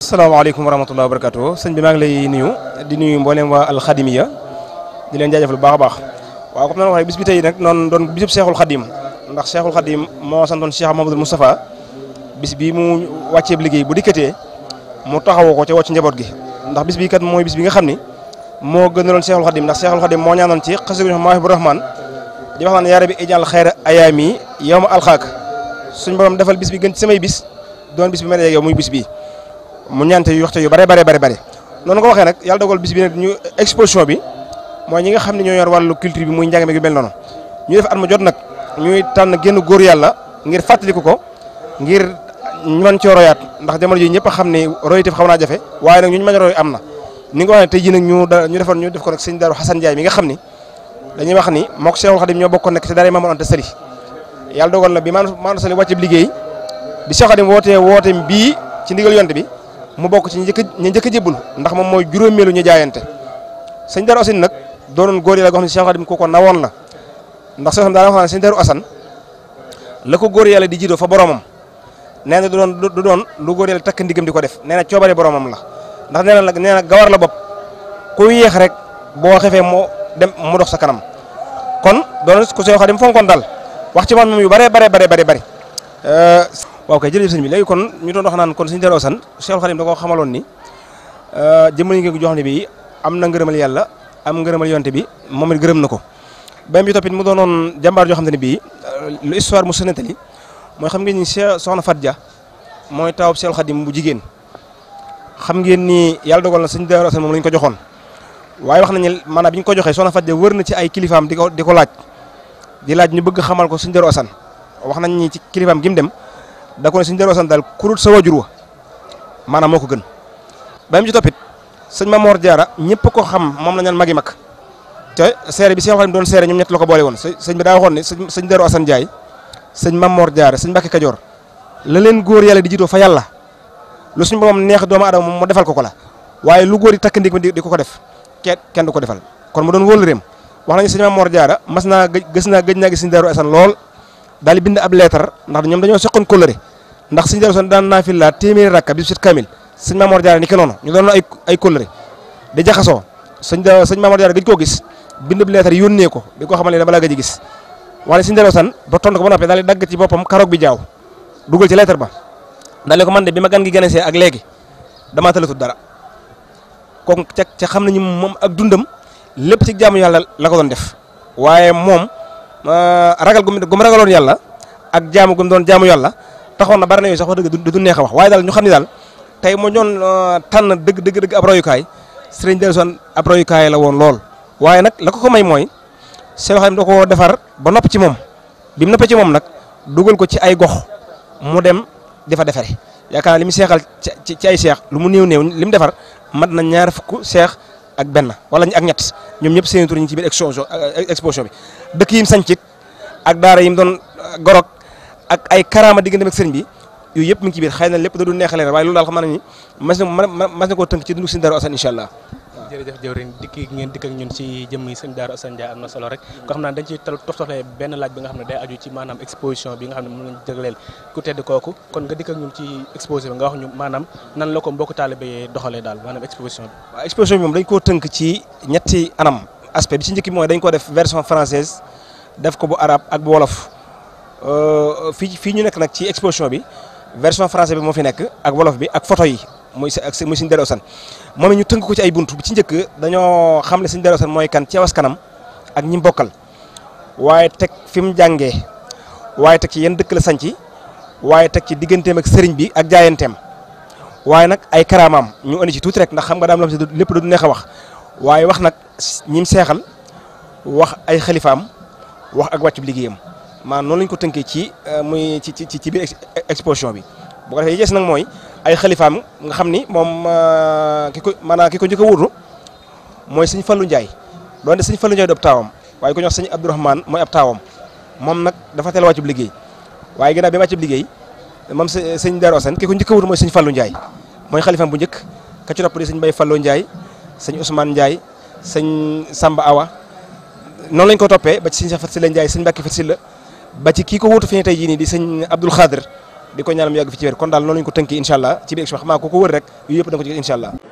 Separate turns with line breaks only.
Assalamualaikum wa wabarakatuh. wa barakatu bi ma ngi lay nuyu di nuyu wa al alxadimiya di len jaajëfal bu baax baax Wa ko noonu waxe bis bi tey nag noonu doon bisub cheikhul khadim ndax cheikhul khadim mo santone Cheikh Mamadou mustafa bis bi mu wacce liggéey bu dikete mu taxawoko ci ca njabot gi ndax bis bi kat moy bis bi nga xamni moo gënaloon Seexul Xadim ndax Seexul Xadim moo ñaanoon ci xasida gu ñu Mawaahibu Rahmaan di wax naan yaa rabbi ijal xayra ayaami yow ma alxaak suñ borom defal bis bi gën ci samay bis doon bis bi ma ne yow muy bis bi mu ñaante yu waxte yu bare bare bare noonu ko waxee nag yàlla dogal bis bi nag ñu exposition bi mooy ñi nga xam ne ñoo yor wàllu culture bi muy njàng mi yu mel noonu ñu def at mu jot nag ñuy tànn génn góor yàlla ngir fàttaliku ko ngir ñu mën cee royaat ndax jamono ji ñëpp xam ne royatif xam naa jafe waaye nag ñu mën a am na ni nga ko waxee tey jii nag ñu ñu defar ñu def ko nag sëñ Daaru Xasan mi nga xam ni dañuy wax ni mook Seexul Xadim ñoo bokkon nekk ci daara Maam Mor Anta Sali yàlla dogal na bi Maam Mor Sali wàcce bi liggéey bi Seexul Xadim wootee wooteem bii ci ndigal yonte bi mu bokk ci ñi njëkk ñi njëkk jébbul ndax moom mooy juróomeelu ñu jaayante sëñ Daaru Asan nag doonoon yi la goo xam ne Seexul Xadim ko ko nawoon la ndax soo xam daana wax sëñ Asan la ko góor yàlla di jiitoo fa boromam nee na du doon du doon lu góor yàlla takk ndigam di ko def nee na boromam la ndax nee na nee na gawar la bopp ku yéex rek boo xefee moo dem mu dox sa kanam kon doon ku soo xadim fonkoon daal wax ci man moom yu bare bare bare bare bëri euh, waaw kay jërëjëf sëñ bi léegi kon ñu doon wax naan kon suñu Darou Assane Cheikhul da koo xamaloon ni euh, jëmmali ngeen ko jox ne bi am na ngërëmal yàlla am ngërëmal yonte bi moom it gërëm na ko benn bi toppit mu doonoon jàmbaar joo xam ne bii euh, lu histoire mu sënatali mooy xam ngeen ni Cheikh soxna Fatia mooy tawab Cheikhul Khadim bu jigéen xam ngeen nii yàlla dogal na sëñ Daaru Asan moom la ñu ko joxoon waaye wax nañ maanaam bi ñu ko joxee soxna Faty wër na ci ay kilifaam di ko di ko laaj di laaj ñu bëgg xamal ko sëñ Daaru Asan wax nañ ni ci kilifaam gi mu dem da ko ne sëñ Daaru daal kurut sa wajur maanaam moo ko gën ba mu ci toppit sëñ Mamoor Jaara ñëpp ko xam moom la ñaan magi mag te seere bi si xam doon seere ñoom ñett la ko boole woon sëñ bi daa waxoon ne sëñ Daaru Asan Jaay sëñ Mamoor Jaara sëñ Mbàkke Kajoor la góor yalla di jiitoo fa yàlla lu suñu borom neex doomu aadama moom mu defal ko ko la waaye lu góor yi takk ndig di ko ko def kenn kenn du ko defal kon mu doon wóolu réem wax nañu sëñ Maam Mor Jaara mas naa gës naa gëj naa gis sëñ Daaru Asan lool daal di bind ab leetar ndax ñoom dañoo soqoon kóllëre ndax sëñ Daaru Asan daan naafila téeméeri rakka bi sit kamil sëñ Maam Mor Jaara ni ke noonu ñu doon ay ay kóllëre di jaxasoo sëñ sëñ Maam Mor Jaara gëj koo gis bind ab leetar yónnee ko di ko xamal ne dama balaa gëj a gis wax ne sëñ Daaru Asan ba tontu ko ba noppi daal di dagg ci boppam karoog bi jaaw dugal ci leetar ba ndax ko man de bi ma gan gi ganesee ak léegi damaa talatul dara kon ca ca xam nañu moom ak dundam lépp ci jaamu yàlla la ko doon def waaye moom ragal gu mu ragaloon yàlla ak jaamu gu doon jaamu yàlla taxoon na bari na yooyu sax wax dëgg du neex a wax waaye daal ñu xam ne daal tey moo ñoon euh, tànn dëgg dëgg dëgg ab royukaay sëriñ Darou Assane ab royukaay la woon lool. waaye nag la ko ko may mooy Seex Xaadim da koo defar ba nopp ci moom bi mu noppee ci moom nag dugal ko ci ay gox di fa defare yaakaar naa li mu seexal ci ci ay seex lu mu néew néew li mu defar mat na ñaar fukk seex ak benn wala ak ñett ñoom ñëpp seen tur ñu ci biir exposition eh, exposition bi dëkk yi mu sancit ak daara yi mu doon eh, gorog ak ay karaama diggante ak sëriñ bi yooyu yëpp mi ngi ci na lépp da du neexale waaye loolu daal xam naa ni mas na mas na koo tënk ci dundu si dara asan incha jërëjëf jëwriñ dikk ngeen dikk ak ñun ci jëmmi sëñ Darou a Ndiaye am na solo rek ko xam naa dañ ci toftalee benn laaj bi nga xam ne day aju ci maanaam exposition bi nga xam ne mën nañ jagleel ku tedd kooku kon nga dikk ñun ci ko mbokk taalibe yee doxalee daal maanaam exposition bi waaw exposition bi moom dañ koo tënk ci ñetti anam aspect bi ci njëkk bi mooy dañ ko def version française def ko bu araab ak bu wolof euh, fii fii ñu nekk nag ci exposition bi version française bi moo fi nekk ak wolof bi ak foto yi muy ak muy Serigne Darou Assane moom it ñu tënk ko ci ay bunt bi ci njëkk dañoo xam ne Serigne Darou Assane mooy kan ci awas kanam ak ñi mbokkal waaye teg fi mu jàngee waaye teg ci yenn dëkk la sanc waaye teg ci digganteem ak sëriñ bi ak jaayanteem waaye nag ay karaamaam ñu andi ci tuuti rek ndax xam nga daam lam si lépp du neex a wax waaye wax nag ñim seexal wax ay xalifaam wax ak wàccub liggéeyam maa noonu lañ ko tënkee ci euh, muy ci ci ci biir exposition bi nag mooy ay xalifaam nga xam ni moom euh, ki ko maanaam ki ko njëkk a wuutu mooy sëñ Fallou Ndiaye doonte sëñ Fallou Ndiaye du ab taawam waaye ku ñuy wax sëñ Abdourahmane mooy ab moom nag dafa teel a wàccub liggéey waaye ginnaaw bi ma wàccub liggéey moom sëñ Darou Assane ki ko njëkk a wuutu mooy sëñ Fallou Ndiaye mooy xalifaam bu njëkk ka ci topp di sëñ Mbaye Fallou sëñ Ousmane Ndiaye sëñ Awa noonu lañ ko toppee ba ci sëñ Cheikh Fatou Sylla Ndiaye sëñ ba ci kii ko wuutu fi tey jii nii di sëñ Abdoul Khadir di ko ñaanal mu yàgg fi ci wér kon daal noonu lañu ko tënkee incha allah ci ko ko wër rek yooyu yëpp da ko ci incha allah